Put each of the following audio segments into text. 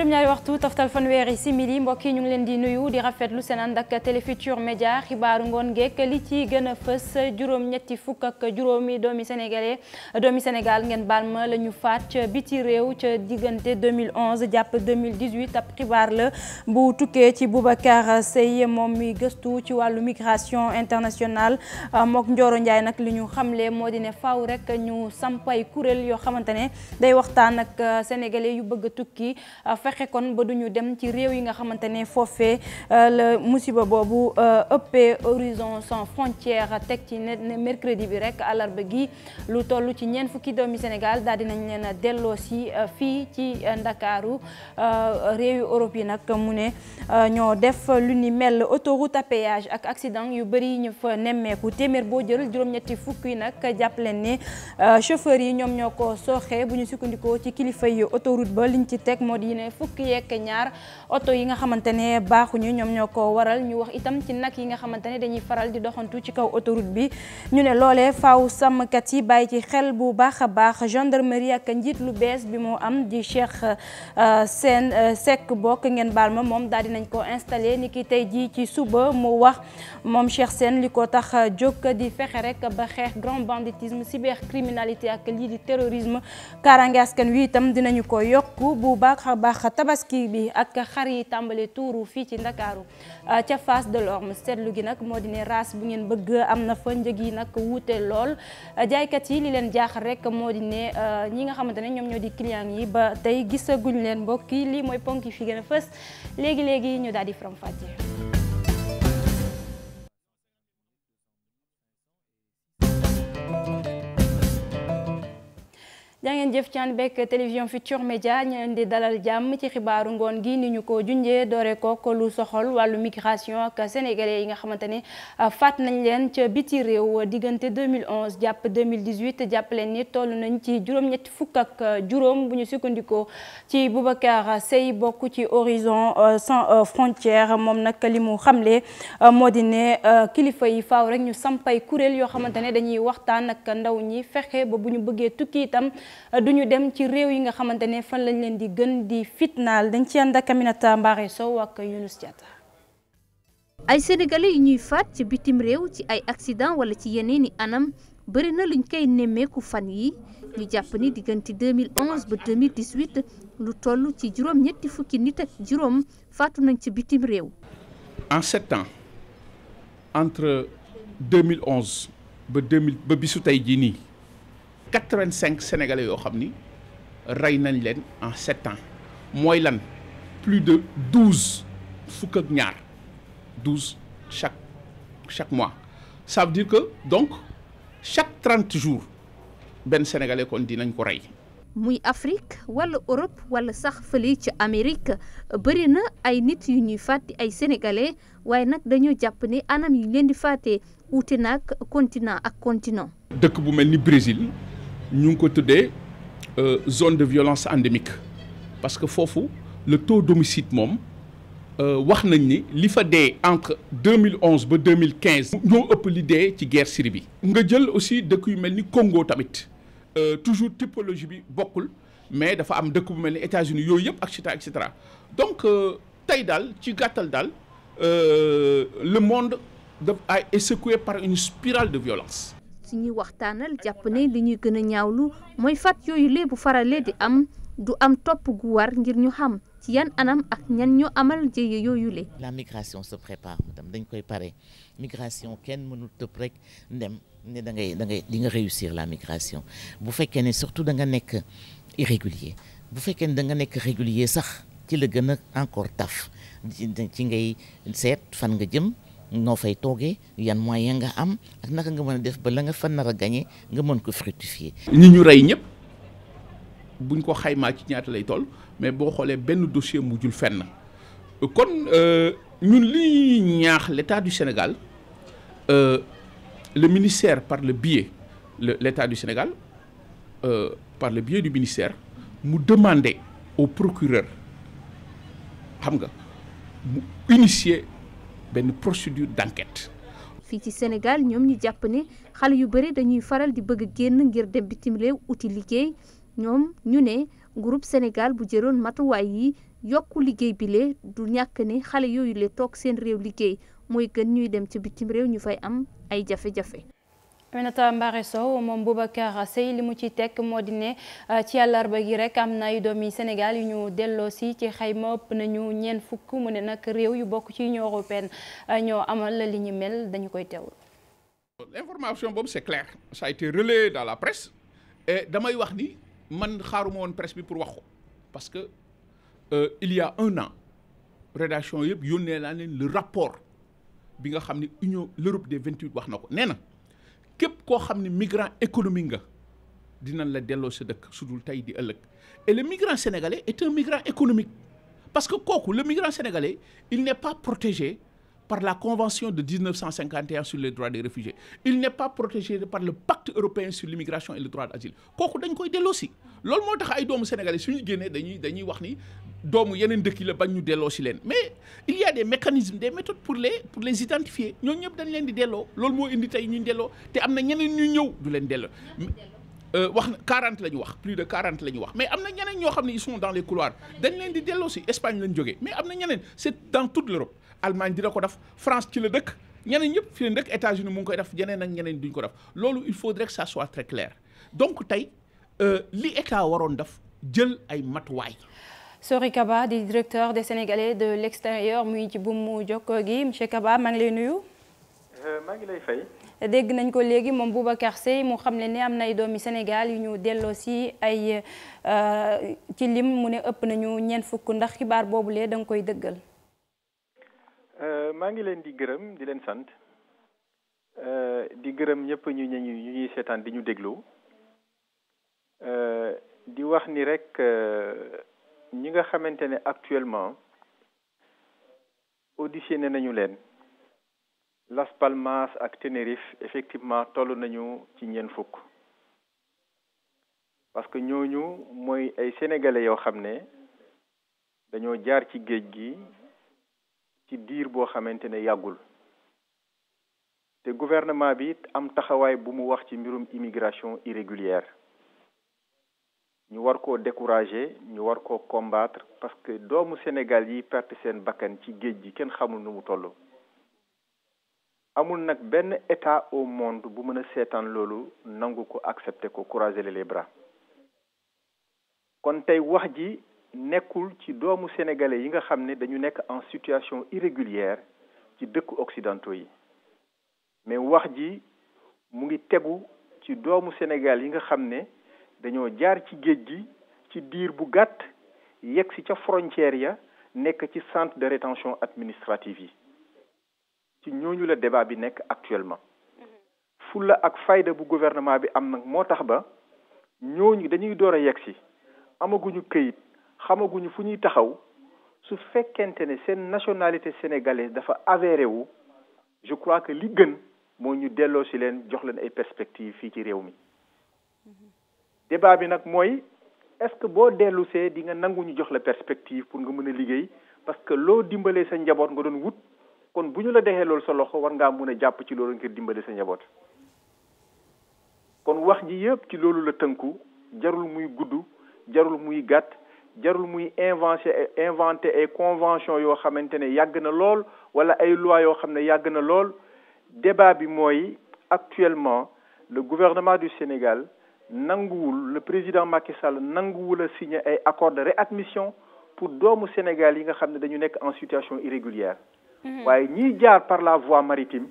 juróom-ñaari waxtu toftal fanweeri simili mbokk yi ñu ngi leen di nuyu di rafetlu seen ànd ak Télé Futurs xibaaru ngoon geek li ci gën a fës juróom-ñetti fukk ak juróomi doomi sénégalais doomi Sénégal ngeen baal ma la ñu faat ca biti réew ca diggante 2011 jàpp 2018 ab xibaar la bu tukkee ci Boubacar Seye moom muy gëstu ci wàllu migration internationale ah, mook Ndioro Ndiaye nag li ñu xamle moo di ne faaw rek ñu sampay kuréel yoo xamante ne day waxtaan ak ah, sénégalais yu fexe kon ba duñu dem ci réew yi nga xamante ne foofee euh, la musiba boobu euh, ëppee horizon sans frontières teg ci ne mercredi bi rek àllarba gi lu toll ci ñeent fukki doomi Sénégal daal dinañ leen a delloo si euh, fii ci Ndakaaru réewi Europe yi nag mu ne ñoo def lu ni mel autoroute à péage ak accident yu bëri ñu fa nemmeeku téeméer boo jël juróom-ñetti fukk yi nag jàpp leen ne chauffeur yi ñoom ñoo ko sooxee bu sukkandikoo ci kilifa yi autoroute ba liñ ci teg fukki yeeg ñaar oto yi nga xamante ne baaxuñu ñoom ñoo ko waral ñu wax itam ci nag yi nga xamante ne dañuy faral di doxantu ci kaw autoroute bi ñu ne loolee faaw sàmmkat yi bàyyi ci xel bu baax a baax gendarmerie ak njiit lu bees bi moo am di Cheikh euh, seen euh, Seck bokk ngeen baal ma moom daal dinañ ko installé ni ki tey jii ci suba mu wax moom Cheikh seen li ko tax jóg di fexe rek ba xeex grand banditisme cybercriminalité ak lii di terrorisme kaaraange askan wi tabaski bi ak xar yi tàmbale tuuru fii ci ndakaaru ah, ca Fass Delorme seetlu gi nag moo di ne race bu ngeen bëgg am na fa njëg yi nag wute lool ah, jaaykat yi li leen jaaxal rek moo di ne ah, ñi nga xamante ne ñoom ñoo di client yi ba tey gisaguñ leen mbokki yi lii mooy ponk yi fi gën a fës léegi léegi ñu daal di faram yi jaa ngeen jëf ci ànd bekk télévision Futurs média ñu leen di dalal jàmm ci xibaaru ngoon gi ni ñu ko junjee doore ko lu soxol wàllu migration ak sénégalais yi nga xamante ne ah, faat nañ leen ca biti réew diggante deux 2011 jàpp 2018 jàpp leen ni tollu nañ ci juróom-ñetti fukk ak ah, juróom bu ñu sukkandikoo ci Boubacar Seye bokk ci Horizon ah, sans frontières moom nag li mu xamle moo di ne kilifa yi faw rek ñu sampay kuréel yoo xamante ne dañuy waxtaan ak ndaw ñi fexe ba bu ñu bëggee tukki itam du ñu dem ci réew yi nga xamante ne fan lañ leen di gën di fitnaal dañ ci ànd ak Aminata Mbaare Sow ak Younus Diatta ay sénégalais yu ñuy faat ci bitim réew ci ay accident wala ci yeneen i anam bëri na luñ koy nemmeeku fan yi ñu jàpp ni diggante 2011 ba 2018 lu toll ci juróom ñetti fukki nit ak juróom faatu nañ ci bitim réew. en sept ans entre 2011 ba 2000 ba bisu tey jii nii. quatre-vingt-cinq sénégalais yoo xam ni rey nañ leen en sept ans mooy lan plus de douze fukk ak ñaar douze chaque chaque mois ça veut dire que donc chaque trente jours benn sénégalais kon dinañ ko rey. muy Afrique wala Europe wala sax fële ci Amérique bëri na ay nit yu ñuy fàtti ay sénégalais waaye nag dañoo jàpp ni anam yi ñu leen di fàttee wuute nag ak ak continent. dëkk bu mel ni Brésil. ñu ngi ko tuddee euh, zone de violence endémique parce que foofu le taux d'homicide moom euh, wax nañ ni li fa dee entre 2011 ba 2015. ñoo ëpp li dee ci guerre Syrie bi. nga jël aussi dëkk yu mel ni Congo tamit euh, toujours typologie bi bokkul mais dafa am dëkk bu mel ni États-Unis yooyu yëpp ak cetera et cetera donc tey daal ci gàttal daal le monde de est secoué par une spirale de violence. suñuy waxtaanal jàpp ne li gën a ñaawlu mooy fat yooyu lee bu faralee di am du am topp gu war ngir ñu xam ci yan anam ak ñan ñoo amal jëye yooyu le la migration se prépare madame dañ koy pare migration kenn mënul tëpp rek ndem ne da ngay da ngay di nga réussir la migration bu fekkee ne surtout da nga nekk irrégulier bu fekkee ne da nga nekk régulier sax ci la gën a encore taf ci ngay seet fan nga jëm noo fay toogee yan moyen nga am ak naka nga mën a def ba la nga fa nar a gañe nga mën ko fructifier. ni ñu rey ñëpp buñ ko xaymaa ci ñaata lay tool mais boo xoolee benn mu jul fen na kon euh, ñun li ñuy ñaax l'état du Sénégal euh, le ministère par le biais le l'état du Sénégal euh, par le biais du ministère mu demander au procureur xam nga mu initier. benn procédure d'enquête. fii ci Sénégal ñoom ñu jàpp ne xale yu bëri dañuy faral di bëgg génn ngir dem bitim réew wuti liggéey ñoom ñu ne groupe Sénégal bu jëloon matuwaay yi yokk liggéey bi du ñàkk ne xale yooyu le toog seen réew liggéey mooy gën ñuy dem ci bitim réew ñu fay am ay jafe-jafe. Aminata Mbare Sow moom Boubacar Seye li mu ci teg moo di ne euh, ci àllarba gi rek am na ay doomi Sénégal yu ñu delloo si ci xayma ëpp nañu ñeent fukk mu ne nag réew yu bokk ci Union européenne euh, ñoo amal li ñu mel dañu koy teewul. L'information boobu c'est clair ça a été relayé dans la presse damay wax ni man xaaruma woon presse bi pour wax ko parce que euh, il y a un an rédaction yëpp yónnee naa leen le rapport bi nga xam ne Union l'Europe des 28 wax na ko nee na. képp koo xam ne migrant économique nga dinañ la delloo sa dëkk su dul tey di ëllëg et le migrant sénégalais est un migrant économique parce que kooku le migrant sénégalais il n'est pas protégé par la Convention de 1951 sur les droits des réfugiés. Il n'est pas protégé par le pacte européen sur l'immigration et le droit d'asile. kooku dañ koy delloosi loolu moo tax ay doomu sénégalais suñu génnee dañuy dañuy wax ni doomu yeneen dëkk yi la bañ ñu delloosi leen mais il y a des mécanismes des pour les pour les identifier ñooñu ñëpp dañ leen di delloo loolu moo indi tey ñu delloo te am na ñeneen ñu ñëw du leen delloo. Euh, wax na 40 la ñu wax plus de la ñu wax mais am na ñeneen ñoo xam ne ils sont dans les couloirs dañ leen am na ñeneen c'est dans toute l'Europe Allemagne dina ko def France ci la dëkk ñeneen ñëpp fi la dëkk États-Unis mu ngi koy def yeneen ak ñeneen duñ ko def loolu il faudrait que ça soit très donc tey euh, li état waroon def jël ay matuwaay. Sori Kaba di directeur de Sénégalais de l'extérieur muy ci buumu jokkoo gi monsieur Kaba maa ngi lay nuyu. Euh, dégg nañ ko léegi moom Boubacar Seye mu xam ne ni am na ay doomi Sénégal yu ñu delloo si ay euh, ci lim mu ne ëpp nañu ñeent fukk ndax xibaar boobu lee danga koy dëggal. Euh, maa ngi leen di gërëm di leen sant euh, di gërëm ñëpp ñu ñu ñu ñuy seetaan di ñu déglu euh, di wax ni rek ñi nga xamante ne actuellement auditionné nañu leen Las Palmas ak Tenerife effectivement toll nañu ci ñeent fukk parce que ñooñu mooy ay sénégalais yoo xam ne dañoo jaar ci géej gi. ci diir boo xamante ne yàggul te gouvernement bi it am taxawaay bu mu wax ci mbirum immigration irrégulière ñu war koo décourager ñu war koo combatre parce que doomu Sénégal yi perte seen bakkan ci géej gi kenn xamul nu mu toll amul nag benn état au monde bu mën a seetaan loolu nangu ko accepter ko croiser les bras kon tey wax ji nekkul ci doomu sénégalais yi nga xam ne dañu nekk en situation irrégulière ci dëkku occidentaux yi mais wax ji mu ngi tegu ci doomu Sénégal yi nga xam ne dañoo jaar ci géej gi ci diir bu gàtt yegg si ca frontière ya nekk ci centre de rétention administrative yi ci ñooñu la débat bi nekk actuellement mm-hmm. fulla ak fayda bu gouvernement bi am nag moo tax ba ñooñu dañuy door a yegg si amaguñu këyit xamaguñu fu ñuy taxaw su fekkente ne seen nationalité sénégalaise dafa avéré wu je crois que li gën moo ñu delloo si leen jox leen ay perspectives fii ci réew mi débat bi nag mooy est-ce que boo dellu see di nga nangu ñu jox la perspective pour nga mën a liggéey parce que loo dimbalee sa njaboot nga doon wut kon bu ñu la dexee loolu sa loxo war ngaa mën a jàpp ci loolu ngir dimbale sa njaboot kon wax ji yëpp ci loolu la tënku jarul muy gudd jarul muy gàtt jarul muy inventé inventé ay convention yoo xamante ne yàgg na lool wala ay loi yoo xam ne yàgg na lool débat bi mooy actuellement le gouvernement du Sénégal nanguwul le président Macky Sall nanguwul a signe ay accord de réadmission pour doomu Sénégal yi nga xam ne dañu nekk en situation irrégulière mhm. waaye ñiy jaar par la voie maritime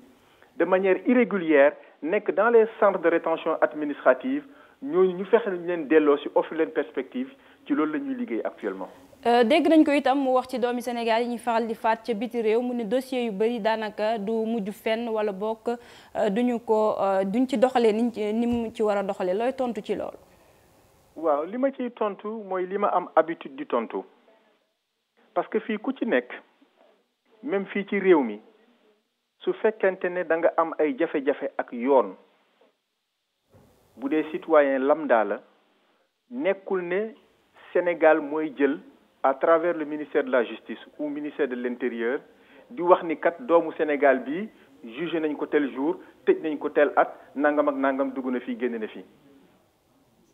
de manière irrégulière nekk dans les centres de rétention administrative ñooñu ñu fexe nañu leen delloo si offre leen perspective ci loolu la ñuy liggéey actuellement. Euh, dégg nañ ko itam mu wax ci doomi Sénégal yi ñuy faral di faat ca biti réew mu ne dossier yu bëri daanaka du mujj fenn wala bokk euh, duñu ko euh, duñ ci doxalee niñ ci ni mu ci war a doxalee looy tontu ci lool waaw li ma ciy tontu mooy li ma am habitude di tontu parce que fii ku ci nekk même fii ci réew mi su fekkente ne danga am ay jafe-jafe ak yoon bu dee citoyen lambda la nekkul ne. Sénégal mooy jël à travers le ministère de la justice ou ministère de l'intérieur di wax ni kat doomu Sénégal bi jugé nañ ko tel jour tëj nañ ko tel at nangam ak nangam dugg na fii génn na fii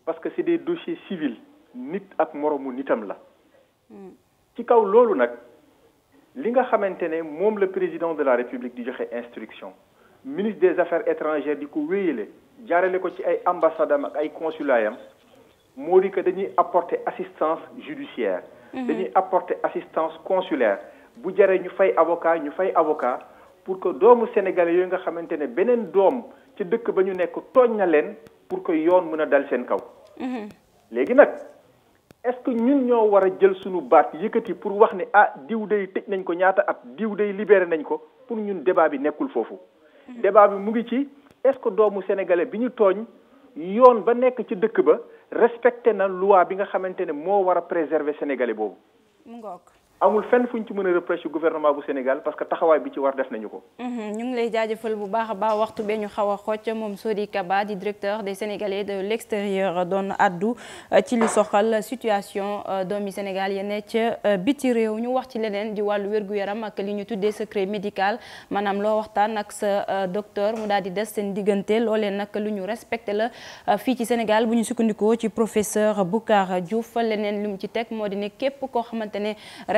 parce que c'est des dossiers civils nit ak moromu nitam la. Hmm. ci kaw loolu nag li nga xamante ne moom la président de la république di joxe instruction ministre des affaires étrangères di ko wéyale jaarale ko ci ay ambassadam ak ay consulayam moo di dañuy apporter assistance judiciaire mhm. dañuy apporter assistance consulaire bu jaree ñu fay avocat ñu fay avocat pour que doomu sénégalais yooyu nga xamante ne beneen doom ci dëkk ba ñu nekk tooñ na leen pour que yoon mën a dal seen kaw mhm. léegi nag est-ce que ñun ñoo war a jël suñu baat yëkkati pour wax ni ah diw day tëj nañ ko ñaata at diw day libéré nañ ko pour ñun débat bi nekkul foofu mhm. débat bi mu ngi ci est-ce que doomu sénégalais bi ñu tooñ yoon ba nekk ci dëkk ba respecté na loi bi nga xamante ne moo war a préserver sénégalais boobu. amul fenn fu ñu ci mën a reprocher bu Sénégal parce que taxawaay bi ci war def nañu ko. Mhm, ñu ngi lay jaajëfal bu baax a baax waxtu bee ñu xaw a xocc moom Sori Kaba di directeur des Sénégalais de l'extérieur doon addu euh, ci li soxal situation euh, doomi Sénégal yi ne ca euh, biti réew ñu wax ci leneen di wàllu wér-gu-yaram ak li ñu tuddee secret médical maanaam loo waxtaan ak sa docteur mu daal di des seen diggante loolee nag lu ñu respecté la fii ci Sénégal bu ñu sukkandikoo ci professeur Boucar Diouf leneen lu mu ci teg moo di ne képp koo xamante ne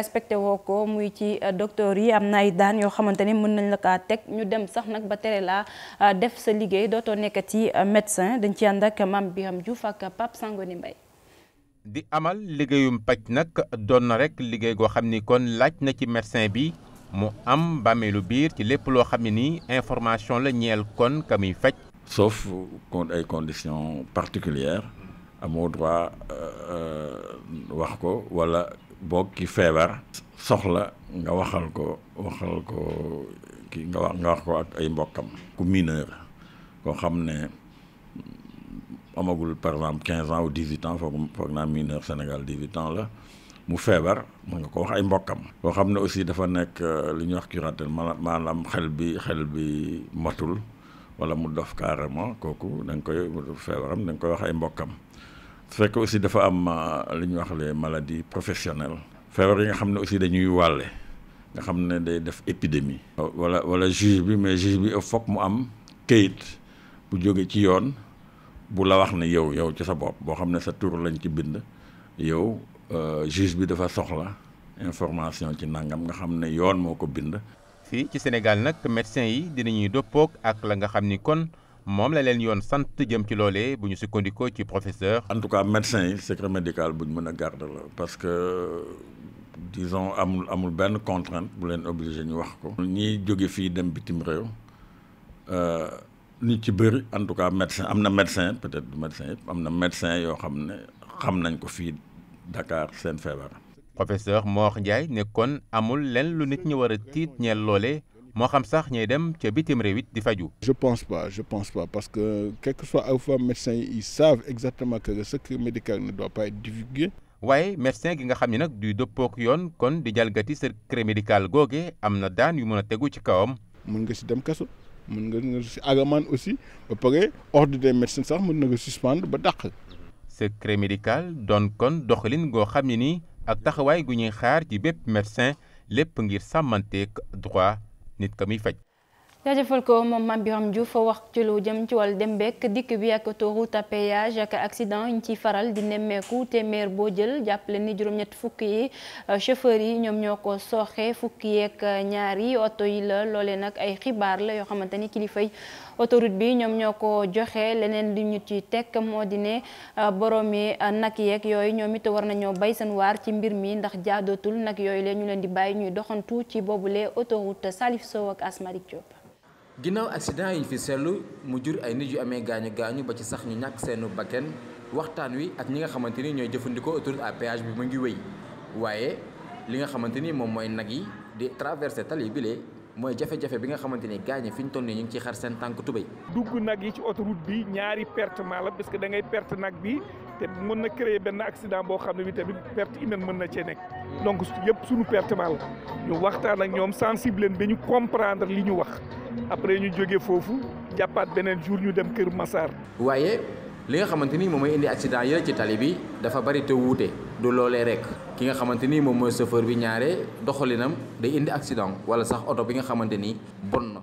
respecté woo ko muy ci euh, docteur yi am na ay daan yoo xamante ni mën nañ la kaa teg ñu dem sax nag ba tere laa euh, def sa liggéey dootoo nekkati euh, médecin dañ ci ànd ak Mame Biram Diouf ak Pape ni Mbaye di amal liggéeyum paj nag doon na rek liggéey goo xam ni kon laaj na ci médecin bi mu am bàmmeelu biir ci lépp loo xam ne nii information la ñeel kon ka faj. sauf contre ay conditions particulières amoo droit wax ko walla boo ki feebar soxla nga waxal ko waxal ko ki nga wax nga wax ko ak ay mbokkam ku mineur koo xam ne amagul par exemple quinze ans ou dix huit ans foog foog naa mineur Sénégal dix huit ans la mu feebar mën nga ko wax ay mbokkam koo xam ne aussi dafa nekk euh, li ñuy wax curatelle maanaam xel bi xel bi matul wala mu dof carrément kooku da nga koy feebaram da koy wax ay mbokkam fekk aussi dafa am euh, li ñuy wax les maladies professionnelles feebar yi nga xam ne aussi dañuy wàlle nga xam ne day def épidémie wala wala juge bi mais juge bi foog mu am kayit bu jóge ci yoon bu la wax ne yow yow ci sa bopp boo xam ne sa tur lañ ci bind yow euh, juge bi dafa soxla information ci nangam nga xam ne yoon moo ko bind fii ci Sénégal nag médecin yi dinañuy doppoog ak la nga xam ni kon moom la leen yoon sant jëm ci loolee bu ñu sukkandikoo ci professeur. en tout cas médecin yi secret médical bu ñu mën a garder la parce que disons amul amul benn contrainte bu leen obligé ñu wax ko. ñiy jóge fii dem bitim réew nit euh, ci bëri en tout cas médecin am na médecin peut-être du médecin yëpp am na médecin yoo xam ne xam nañ ko fii Dakar seen feebar. professeur Mor Ndiaye ne kon amul leen lu nit ñu war a tiit ñeel loole. moo xam sax ñay dem ca bitim réew it di faju je pense pas je pense pas parce que quel que soit aw fois médecins yi ils exactement que le secret médical ne doit pas être waaye médecin gi nga xam ni nag du dëppook yoon kon di jalgati secret médical googe am na daan yu mën a tegu ci kawam mun nga si dem kaso mun nga nga si agamaan aussi ba pare ordre des médecins sax mën na nga suspendre ba dàq secret médical doon kon doxalin goo xam ne nii ak taxawaay gu ñuy xaar ci bépp médecin lépp ngir sàmmanteek droit nit ka muy faj jaajëfal ko moom Mame Birame Diouf wax ci lu jëm ci wàllu dem beek dikk bi ak autoroute à péage ak accident yi ñu ciy faral di nemmeeku téeméer boo jël jàppale ni juróom-ñett fukk yi euh, chauffeur yi ñoom ñoo ko sooxe fukki yeeg euh, ñaar yi oto yi la loolee nag ay xibaar la yoo xamante ni kilifay autoroute bi ñoom ñoo ko joxe leneen li ñu ci teg moo di ne euh, boromi nag yeeg yooyu ñoom it war nañoo bay seen waar ci mbir mi ndax jaadootul nag yooyu la ñu leen di bàyyi ñuy doxantu ci boobule autoroute Salif Sow ak Asmaric Diop ginnaaw accident yi fi seetlu mu jur ay nit yu amee gaañu gaañu ba ci sax ñu ñàkk seenu bakken waxtaan wi ak ñi nga xamante ni ñooy jëfandikoo autoroute à péage bi mu ngi wéy waaye li nga xamante ni moom mooy nag yi di traverse tali bile mooy jafe-jafe bi nga xamante ni gaañi fi ñu toll nii ñu ngi ciy xar seen tànk tubéy. dugg nag yi ci autoroute bi ñaari perte maa la parce que perte nag bi. te mën na créer benn accident boo xam ne bi tamit perte humaine mën na cee nekk. donc yëpp suñu perte la ñu waxtaan ak ñoom sensible leen ba ñu comprendre li ñu wax après ñu jógee foofu jàppaat beneen jour ñu dem Kër Massar. waaye li nga xamante ni moom mooy indi accident yi ci tali bi dafa bari te wuute du loolee rek ki nga xamante ni moom mooy chauffeur bi ñaare doxalinam day indi accident wala sax oto bi nga xamante ni bon na.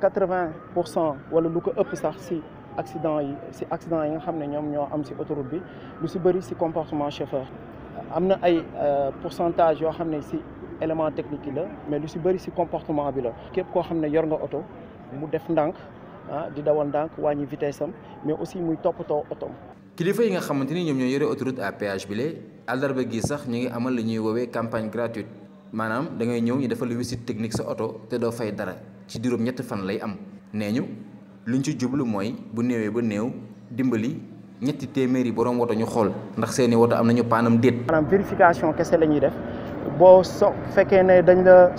80 pour cent wala lu ko ëpp sax si. accident yi si accident yi nga xam ne ñoom ñoo am si autoroute bi lu si bëri si comportement chauffeur am na ay euh, pourcentage yoo xam ne si élément technique yi la mais lu si bëri si comportement bi la képp koo xam ne yor nga oto mu def ndànk ah di dawal ndànk wàññi vitesse am mais aussi muy toppatoo otom kilifa yi nga xamante ni ñoom ñooy yore autoroute à péage bi lee àllarba gi sax ñu ngi amal la ñuy woowee campagne gratuite maanaam dangay ñëw ñu defal la visite technique sa oto te doo fay dara ci juróom ñetti lay am nee ñu luñ ci jublu mooy bu néewee ba néew dimbali ñetti téeméeri borom woto ñu xool ndax seeni woto am nañu paanam déet. maanaam vérification kese la ñuy def. boo so fekkee ne dañ la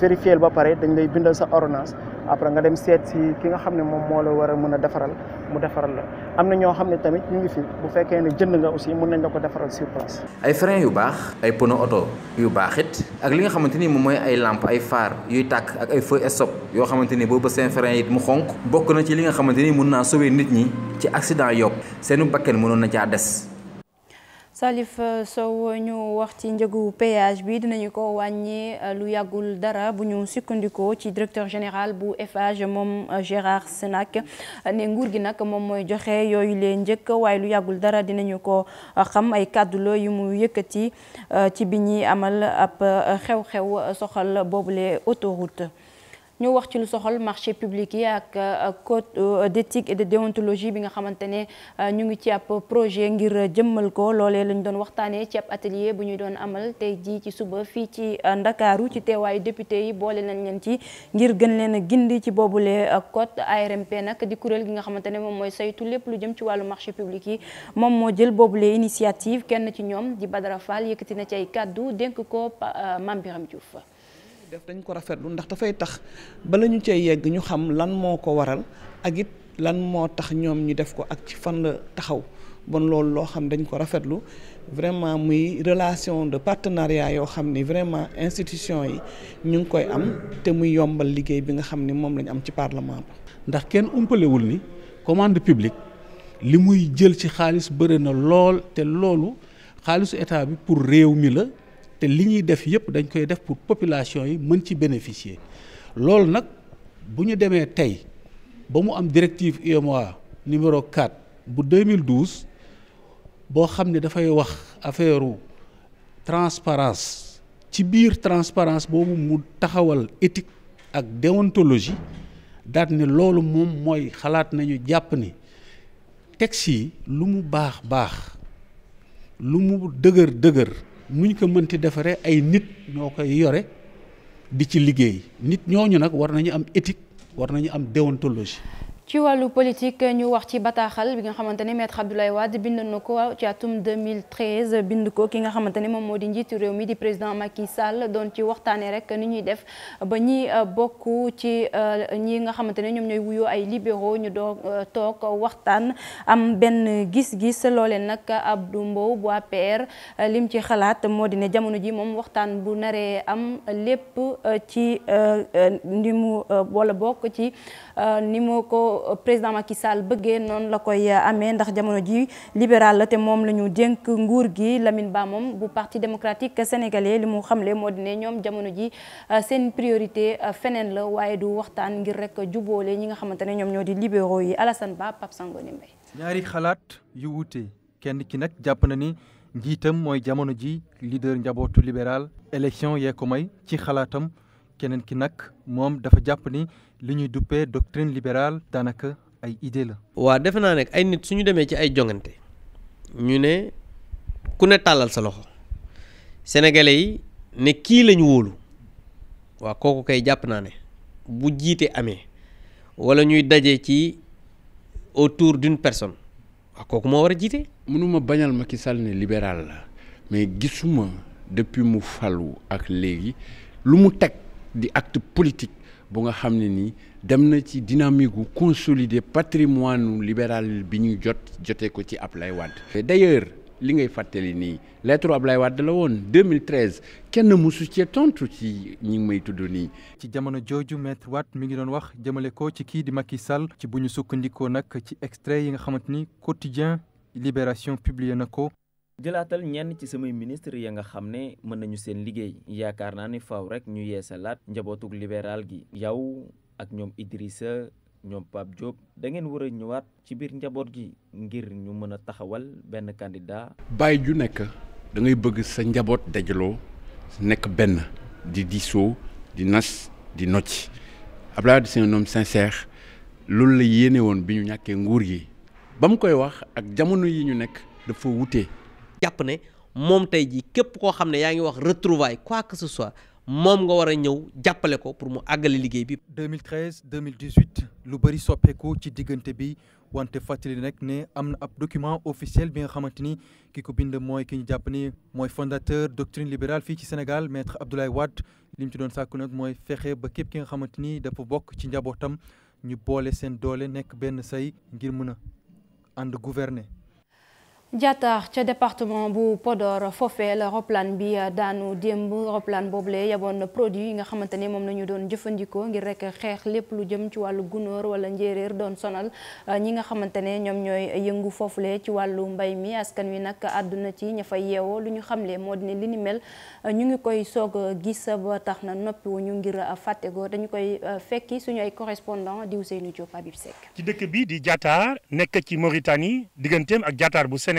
vérifier ba pare dañ lay bindal sa ordonnance après nga dem seet si ki nga xam ne moom moo la war a mën a defaral mu defaral la am na ñoo xam ne tamit ñu ngi fi bu fekkee ne jënd nga aussi mun nañ la ko defaral sur place. ay frein yu baax ay pono oto yu baax it ak li nga xamante ni moom mooy ay lampe ay phare yuy tàkk ak ay feu stop yoo xamante ni boobu seen frein it mu xonk bokk na ci li nga xamante ni mun naa sauver nit ñi ci accident yopp seenu bakken mënoon na caa des. Salif euh, Sow ñu wax ci njëgu péage bi dinañu ko wàññi euh, lu yàggul dara bu ñu sukkandikoo ci directeur général bu Eiffage moom euh, Gérard Senac ne nguur gi nag moom mooy joxe yooyu lee njëkk waaye lu yàggul dara dinañu ko xam ay kàddu la yu mu yëkkati ci bi ñuy amal ab xew-xew soxal boobule autoroute. ñu wax ci lu soxal marché public yi ak euh, code euh, d'éthique et de déontologie bi nga xamante ne euh, ñu ngi ci ab projet ngir jëmmal ko loolee lañ doon waxtaanee ci ab atelier bu ñuy doon amal tey jii ci suba fii ci Ndakaaru ci teewaayu député yi boole nañ leen ci ngir gën leen a gindi ci boobule code ARMP nag di kuréel gi nga xamante ne moom mooy saytu lépp lu jëm ci wàllu marché public yi moom moo jël boobule initiative kenn ci ñoom di Badara Fall yëkkati na ci ay kàddu dénk ko Mame Birame Diouf def dañ ko rafetlu ndax dafay tax bala ñu cay yegg ñu xam lan moo ko waral ak it lan moo tax ñoom ñu def ko ak ci fan la taxaw bon loolu loo xam dañ ko rafetlu vraiment muy relation de partenariat yoo xam ni vraiment institution yi ñu ngi koy am te muy yombal liggéey bi nga xam ni moom lañ am ci parlement ba ndax kenn umpalewul ni commande publique li muy jël ci xaalis bëri na lool te loolu xaalisu état bi pour réew mi la te li ñuy def yëpp dañ koy def pour population yi mën ci bénéficier loolu nag bu ñu demee tey ba mu am directive UEMOA numéro 4 bu 2012 boo xam ne dafay wax affaire transparence ci biir transparence boobu mu taxawal éthique ak déontologie daat ne loolu moom mooy xalaat nañu jàpp ni texte yi lu mu baax baax lu mu dëgër dëgër nuñ ko mënti defaree ay nit ñoo koy yore di ci liggéey nit ñooñu nag war nañu am éthique war nañu am déontologie ci wàllu politique ñu wax ci bataaxal bi nga xamante ne maître Abdoulaye Wade bind na ko ci atum bind ko ki nga xamante ne moom moo di njiitu réew mi di président Macky Sall doon ci waxtaanee rek ni ñuy def ba ñi euh, bokk ci euh, ñi nga xamante ne ñoom ñooy wuyoo ay libéraux ñu doo euh, toog waxtaan am benn gis-gis loolee nag Abdou Mbow bu APR lim ci xalaat moo di ne jamono ji moom waxtaan bu naree am lépp ci ni mu wala bokk ci ni ko. ko président Macky Sall bëggee noonu la koy euh, amee ndax jamono ji libéral la te moom la ñu dénk nguur gi Lamine Ba moom bu parti démocratique sénégalais li mu xamle moo di ne ñoom jamono ji euh, seen priorité euh, feneen la waaye du waxtaan ngir rek jubóole ñi nga xamante ne ñoom ñoo di libéraux yi Alassane Ba Pape Sangone Mbaye ñaari xalaat yu wuute kenn ki nag jàpp na ni njiitam mooy jamono ji leader njabootu libéral élection yee ko may ci xalaatam keneen ki nag moom dafa jàpp ni li ñuy duppee doctrine libérale daanaka ay idée la. waa defe naa ne ay nit suñu demee ci ay jongante ñu ne ku ne tàllal sa loxo sénégalais yi ne kii lañu wóolu waa kooku kay jàpp naa ne bu jiite amee wala ñuy daje ci autour d'une personne waa kooku moo war a jiite. mënuma bañal Macky Sall ne libéral la mais gisuma depuis mu falu ak léegi lu mu teg. di akt politique bu nga xam ne nii dem na ci dynamique gu consolider patrimoine libéral bi ñuy jot jotee ko ci Ablaye Wade. d'ailleurs li ngay fàttali nii lettre Ablaye Wade la woon 2013 kenn mësu cee tontu ci ñi ngi may tudd nii. ci jamono jooju maître Wade mu ngi doon wax jëmale ko ci kii di Macky sal ci bu ñu sukkandikoo nag ci extrait yi nga xamante ni quotidien Libération publié na ko. jëlaatal ñenn ci samay ministre ya nga xam ne mën nañu seen liggéey yaakaar naa ni faw rek ñu yeesalaat njabootug libéral gi yow ak ñoom Idrissa ñoom Pape Diop da ngeen war a ñëwaat ci biir njaboot gi ngir ñu mën a taxawal benn candidat bàyyi ju nekk da ngay bëgg sa njaboot dajaloo nekk benn di diisoo di nas di nocc Abdoulaye c'est un homme sincère loolu la yéene woon bi ñu ñàkkee nguur gi ba mu koy wax ak jamono yi ñu nekk dafa wutee jàpp ne moom tey jii képp koo xam ne yaa ngi wax retrouvaille quoi que ce soi moom nga war a ñëw jàppale ko pour mu àggale liggéey bi. 2013 2018 lu bari soppeeku ci diggante bi wante fàttali nag ne am na ab document officiel bi nga xamante ni ki ko bind mooy ki ñu jàpp ni mooy fondateur doctrine libérale fii ci Sénégal maître Abdoulaye Wade li mu ci doon sàkku nag mooy fexe ba képp ki nga xamante ni dafa bokk ci njabootam ñu boole seen doole nekk benn say ngir mën a ànd gouverner. jàttaax ca département bu Podor foofee la roplaan bi daanu démb roplaan boobule yaboon produit yi nga xamante ni moom nañu doon jëfandikoo ngir rek xeex lépp lu jëm ci wàllu gunóor wala njéeréer doon sonal euh, ñi nga xamante ne ñoom ñooy yëngu foofule ci wàllu mbay mi askan wi nag àdduna ci ña fay yeewoo lu ñu xam xamle moo di ne li ni mel euh, ñu ngi koy soog gis ba tax na noppi wu ñu ngir euh, fàtte ko dañu koy fekki suñu ay correspondant di Ousseynou Diop Habib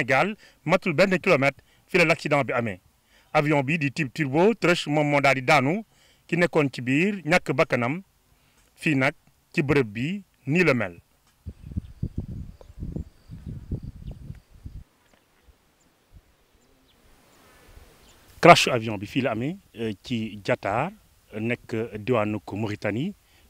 Sénégal matul benn kilomètre fi la l' bi amee avion bi di type turbo trëche moom moo daal di daanu ki nekkoon ci biir ñàkk bakkanam fii nag ci bërëb bi nii la mel. crash avion bi fii la amee euh, ci Jatar nekk diwaanu ko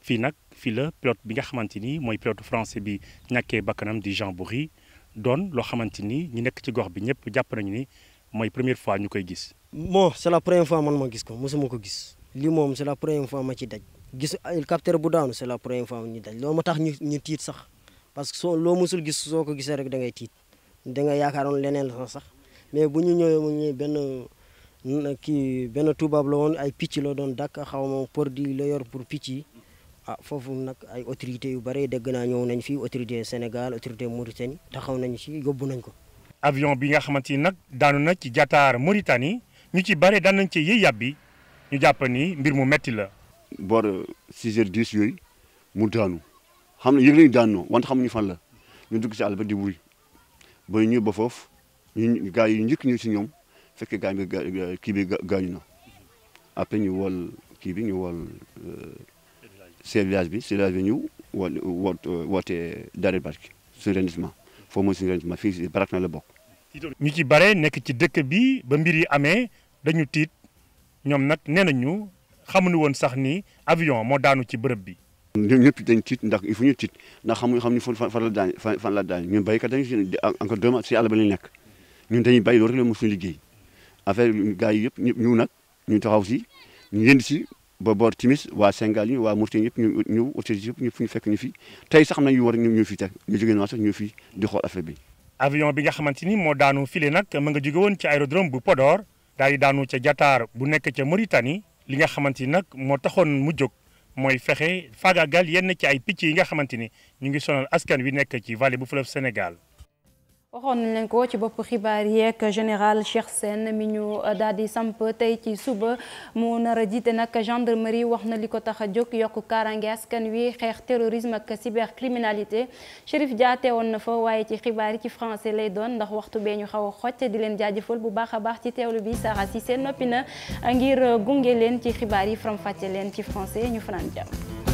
fii nag fii la pilote bi nga xamante ni mooy pilote français bi ñàkkee bakkanam di Jean Bourri doon loo xamante ni ñu nekk ci gox bi ñëpp jàpp nañu ni mooy première fois ñu koy gis. bon c'est la première fois man ma gis ko mosuma ko gis li moom c'est la première fois ma ci daj gis ah, capteur bu daanu c'est la première fois ñu daj loolu ma tax ñu ñu tiit sax parce que soo loo mosul gis soo ko gisee rek da ngay tiit da nga yaakaaroon leneen la sax mais bu ñu ñëwee mu ñëwee benn kii benn tubaab la woon ay picc la doon dàkk xaw ma produit la yor pour picc yi. ah foofu nag ay autorités yu bare dégg naa ñëw nañ fii autorité Sénégal autorité Mauritanie taxaw nañ ci yóbbu nañ ko. avion bi nga xamante ni nag daanu na ci jataar Mauritanie ñu ci bare daan nañ ci yëy yàbbi ñu jàpp ni mbir mu metti la. boor 6 heures 10 yooyu mu daanu xam na yëg nañu daanu xam xamuñu fan la ñu dugg ci àll ba di wuri ba ñu ba foofu ñu gaa yi njëkk ñu si ñoom fekk gaa kii bi gaañu na après ñu wol kii bi ñu wol. Euh, chef village bi chef village bi ñu wo wo woote Daaray Barki suñu arrondissement foo mooy suñu arrondissement fii si Barak na la bokk. ñu ci bare nekk ci dëkk bi ba mbir yi amee dañu tiit ñoom nag nee nañu xamuñu woon sax ni avion moo daanu ci bërëb bi. ñun ñëpp dañ tiit ndax il faut ñu tiit ndax xamuñu xam ñu fan la daañu fan la daañu ñun béykat dañu si encore deux mois si àll ba ñu nekk ñun dañuy béy loolu rek la moom suñu liggéey affaire gars yi yëpp ñëpp ñu nag ñu taxaw si ñu yënd si. ba boor timis waa Sénégal yi waa Mauritanie yëpp ñu ñëw autorités yëpp ñu fekk ñu fi tey sax am na yi war ñu ñu fi teg ñu jógee ñu fi di xool affaire bi. avion bi nga xamante ni moo daanu file nag ma nga jóge woon ci aérodrome bu podoor daal yi daanu ca Jataar bu nekk ca Mauritanie li nga xamante ni nag moo taxoon mu jóg mooy fexe faagaagal yenn ci ay picc yi nga xamante ni ñu ngi sonal askan wi nekk ci vallée bu fleuve Sénégal. waxoon leen ko ci bopp xibaar yeeg général Cheikh Sène mi ñu euh, daal samp tey ci suba mu nar a jiite nag gendarmerie wax na li ko tax a jóg yokk kaaraange askan wi xeex terrorisme ak cybercriminalité Chérif Dia teewoon na fa waaye ci xibaar yi ci français lay doon ndax waxtu bee ñu xaw a xocc di leen jaajëfal bu baax a baax ci teewlu bi Sara Cissé noppi na ngir euh, gunge leen ci xibaar yi faram fàcce leen ci français ñu fanaan jàmm